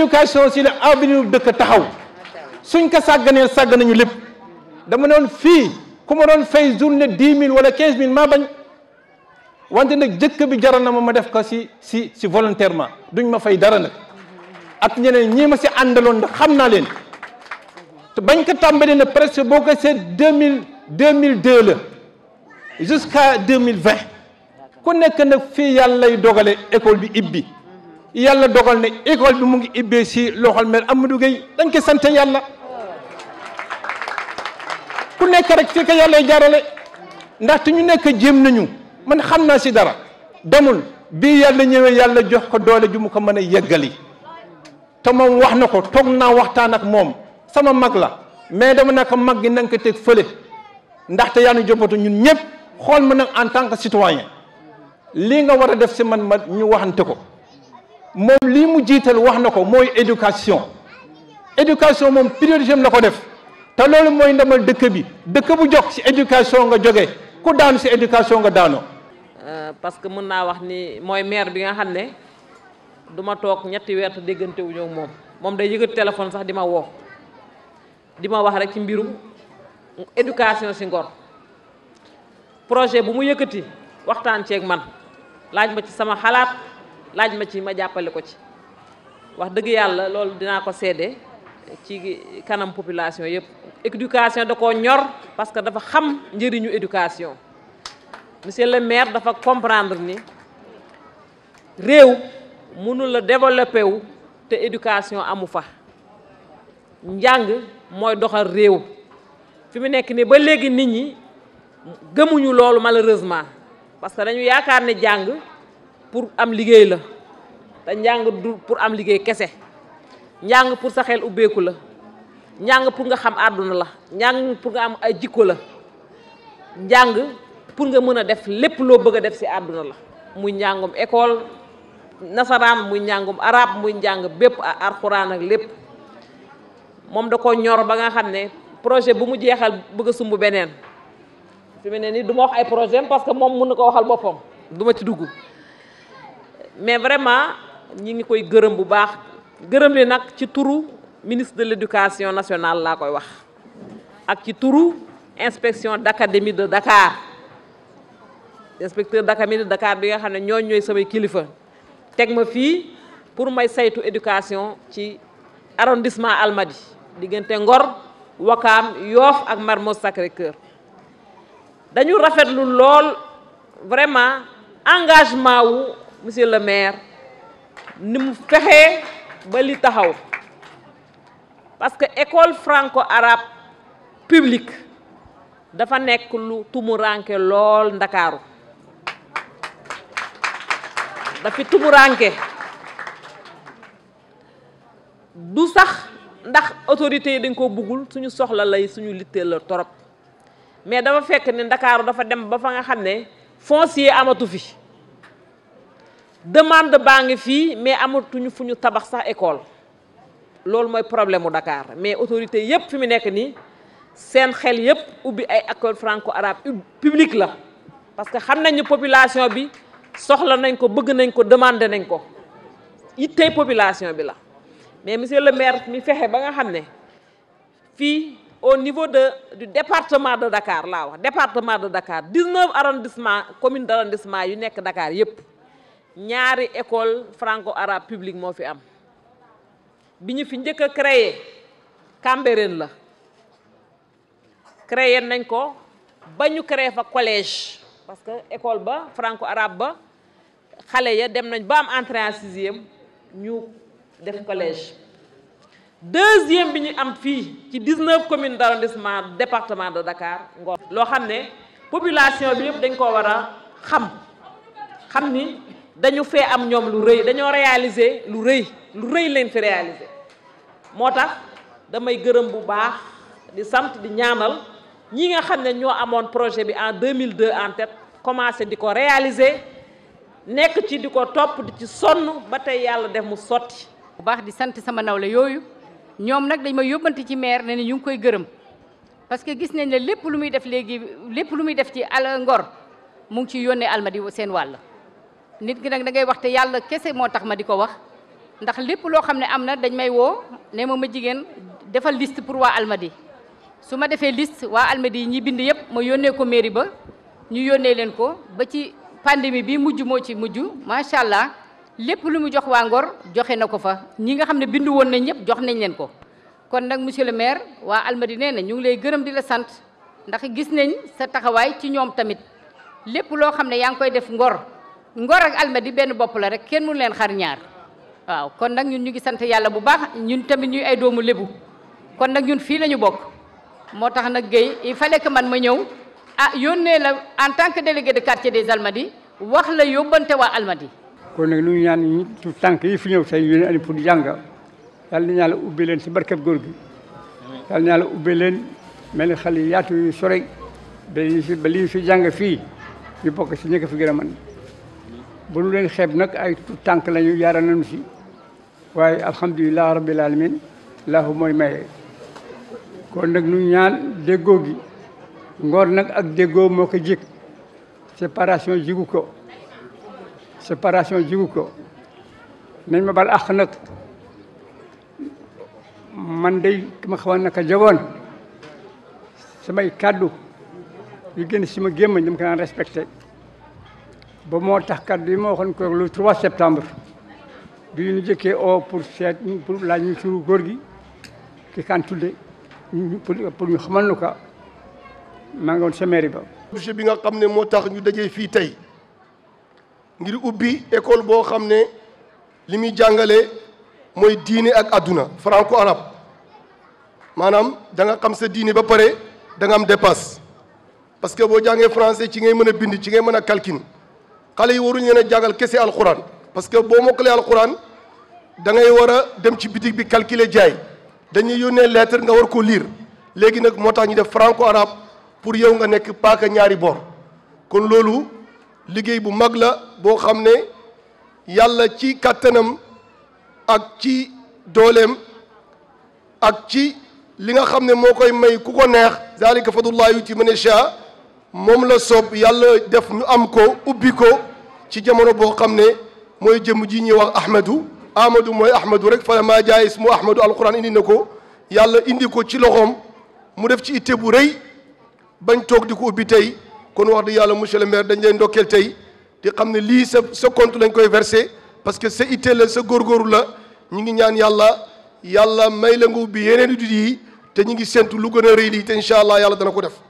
éducation si la avenir dëkk taxaw suñ ko sàgganee sàgg nañu lépp dama noon fii ku ma doon fay journée dix mille wala quinze mille maa bañ wante nag jëkk bi jaral na ma ma def ko si si si volontairement duñ ma fay dara nag ak ñeneen ñii ma si àndaloon ndax xam naa leen te bañ ko tàmbali nag presque boo ko seet deux mille deux mille deux la jusqu'à deux mille vingt ku nekk nag fii yàlla lay dogale école bi ibbi yàlla dogal ne école bi mu ngi ibbee si loxol am ma Gueye dañ ko sant yàlla ku nekk rek fi ko yàlla jaarale ndaxte ñu nekk jéem nañu man xam naa si dara demul bi yàlla ñëwee yàlla jox ko doole ju mu ko mën a yeggali te moom wax na ko toog naa waxtaan ak moom sama mag la mais dama naka mag gi na nga ko teg fële ndaxte yaa ngi jobatu ñun ñëpp xool ma nag en tant que citoyen lii nga war a def si man ma ñu waxante ko. moom lii mu jiital wax na ko mooy éducation éducation moom priorité am la ko def te mooy ndamal dëkk bi dëkk bu jox ci éducation nga jóge ku daanu ci éducation nga daanoo. Euh, parce que mën naa wax ni mooy maire bi nga xam ne du toog ñetti weer te déggante moom moom day yëgat téléphone sax di ma woo di ma wax rek ci mbirum éducation ci projet bu mu yëkkati waxtaan ceeg man laaj ma ci sama xalaat. laaj ma ci ma jàppale ko ci wax dëgg yàlla loolu dinaa ko sedde ci kanam population yëpp éducation da ko ñor parce que dafa xam njëriñu éducation monsieur le maire dafa comprendre ni réew mënul la développé te éducation amu fa njàng mooy doxal réew fi mu nekk ni ba léegi nit ñi gëmuñu loolu malheureusement parce dañu yaakaar ne jàng pour am liggéey la te njàng du pour am liggéey kese njàng pour sa xel ubbeeku la njàng pour nga xam àdduna la njàng pour nga am ay jikko la njàng pour nga mën a def lépp loo bëgg a def ci àdduna la muy njàngum école nasaraan muy njàngum arab muy njàng bépp alxuraan ak lépp moom da ko ñor ba nga xam ne projet bu mu jeexal bëgg a sumb beneen fi mu ne nii du ma wax ay projet parce que moom mun na ko waxal boppam du ma ci dugg mais vraiment ñi ngi koy gërëm bu baax gërëm li nag ci turu ministre de l'éducation nationale laa koy wax ak ci turu inspection d'académie de Dakar inspecteur d'académie de Dakar bi nga xam ne ñooñ ñooy samay kilifa teg ma fii pour may saytu éducation ci arrondissement Almadies diggante Ngor Wakaam Yoof ak Mermoz Sacré-Cœur dañu rafetlu lool vraiment engagement wu monsieur le maire ni mu fexee ba taxaw parce que école franco-arabe publique dafa nekk lu tumuranke lool ndakaaru dafi tumuranke du sax ndax autorités yi dañ ko buggul suñu soxla lay suñu litteel la torop mais dafa fekk ne ndakaaru dafa dem ba fa nga xam ne foncier amatu fi demande baa ngi fii mais amatuñu fu ñu tabax sax école loolu mooy problème mu Dakar mais autorité yépp fi mu nekk nii seen xel yépp ubbi ay école franco arabe publique la parce que xam nañu population bi soxla nañ ko bëgg nañ ko demandé nañ ko yittey population bi la mais monsieur le maire mi fexe ba nga xam ne fii au niveau de du de Dakar laa wax département de Dakar 19 arrondissement commune d' arrondissement yu nekk Dakar yépp ñaari école franco arabe publique moo fi am bi ñu fi njëkk a créé Cambérène la créer nañ ko ba ñu créé fa collège parce que école ba franco arabe ba xale ya dem nañ ba am entrée en sixième ñu def collège deuxième bi ñu am fii ci 19 communes d'arrondissement département de Dakar Ngor loo xam ne population bi yëpp dañ koo war a xam xam ni dañu fee am ñoom lu rëy dañoo réaliser lu rëy lu rëy leen fi réaliser moo tax damay gërëm bu baax di sant di ñaanal ñi nga xam ne ñoo amoon projet bi en 2002 en tête commencé di ko réaliser nekk ci di ko topp di ci sonn ba tey yàlla def mu sotti. bu baax di sant sama nawle yooyu ñoom nag dañ ma yóbbante ci maire ne ni ñu ngi koy gërëm parce que gis nañ ne lépp lu muy def léegi lépp lu muy def ci al ngor mu ngi ciy yónnee almadi seen wàll. nit ki nag da ngay wax te yàlla kese moo tax ma di ko wax ndax lépp loo xam ne am na dañ may woo ne ma ma jigéen defal liste pour waa almadi su ma defee liste waa almadi yi ñi bind yëpp ma yónnee ko mairie ba ñu yónnee leen ko ba ci pandémie bi mujj moo ci mujj macha allah lépp lu mu jox waa Ngor joxe na ko fa ñi nga xam ne bind woon nañ ñëpp jox nañ leen ko kon nag monsieur le maire waa almadi nee na ñu ngi lay gërëm di la sant ndax gis nañ sa taxawaay ci ñoom tamit lépp loo xam ne yaa ngi koy def Ngor Ngor ak Almadi benn bopp la rek kenn mënu leen xarñaar ñaar waaw kon nag ñun ñu ngi sant yàlla bu baax ñun tamit ñuy ay doomu lébu kon nag ñun fii la bokk moo tax nag Guèye il fallait que man ma ñëw ah yónnee la en tant que délégué de quartier des almadi wax la yóbbante waa Almadies. kon nag ñu ñaan ñi tu tànk yi fi ñëw tey yéen ani pour jàng yal na yàlla ubbi leen si barkeb góor gi yal na yàlla ubbi leen mel ni xale yaatu yu sore ba lii si fii ñu bokk si ñi fi gën a mën bu nu leen xeeb nag ay tànk lañu yaara nañu si waaye alhamdulilah rabbil alamin laahu mooy maye ko nag nu ñaan déggoo gi ngor nag ak déggoo moo ko jik séparation jigu ko séparation jigu ko nañ ma bal àq nag man day ki ma xawoon naka jagoon samay kàddu yu génn si ma gémmañ dama ko naan respecté ba moo tax kat bi ma waxoon ko le 3 septembre bi ñu jëkkee o pour seet pour laaj ñu suru góor gi ki kan tudde pour ñu xaman nu ka maa ngi woon ba projet bi nga xam ne moo tax ñu dajee fii tey ngir ubbi école boo xam ne li muy jàngale mooy diine ak àdduna franco arabe maanaam da nga xam sa diine ba pare da nga am dépasse parce que boo jàngee français ci ngay mën a bind ci ngay mën a calcul xale yi waruñ leen a jàngal kese alxuraan parce que boo mokkalee alxuraan da ngay war a dem ci bitig bi calculer jaay dañuy yónnee lettre nga war ko liir léegi nag moo tax ñu def franco arabe pour yow nga nekk paaka ñaari bor kon loolu liggéey bu mag la boo xam ne yàlla ci kàttanam ak ci dooleem ak ci li nga xam ne moo koy may ku ko neex zalika fadullah yuti man yasha moom la soob yàlla def ñu am ko ubbi ko ci jamono boo xam ne mooy jëmm ji ñuy wax ahmadu ahmadu mooy ahmadu rek fala maa jaay ismu ahmadu alquran indi na ko yàlla indi ko ci loxoom mu def ci itte bu rey bañ toog di ko ubbi tey kon wax di yàlla monsieur le maire dañ leen ndokkeel tey di xam ne lii se sa compte lañ koy versé parce que sa itte la sa góorgóorlu la ñu ngi ñaan yàlla yàlla may la bi yeneen i yi te ñu ngi sent lu gën a rëy lii te incha allah yàlla dana ko def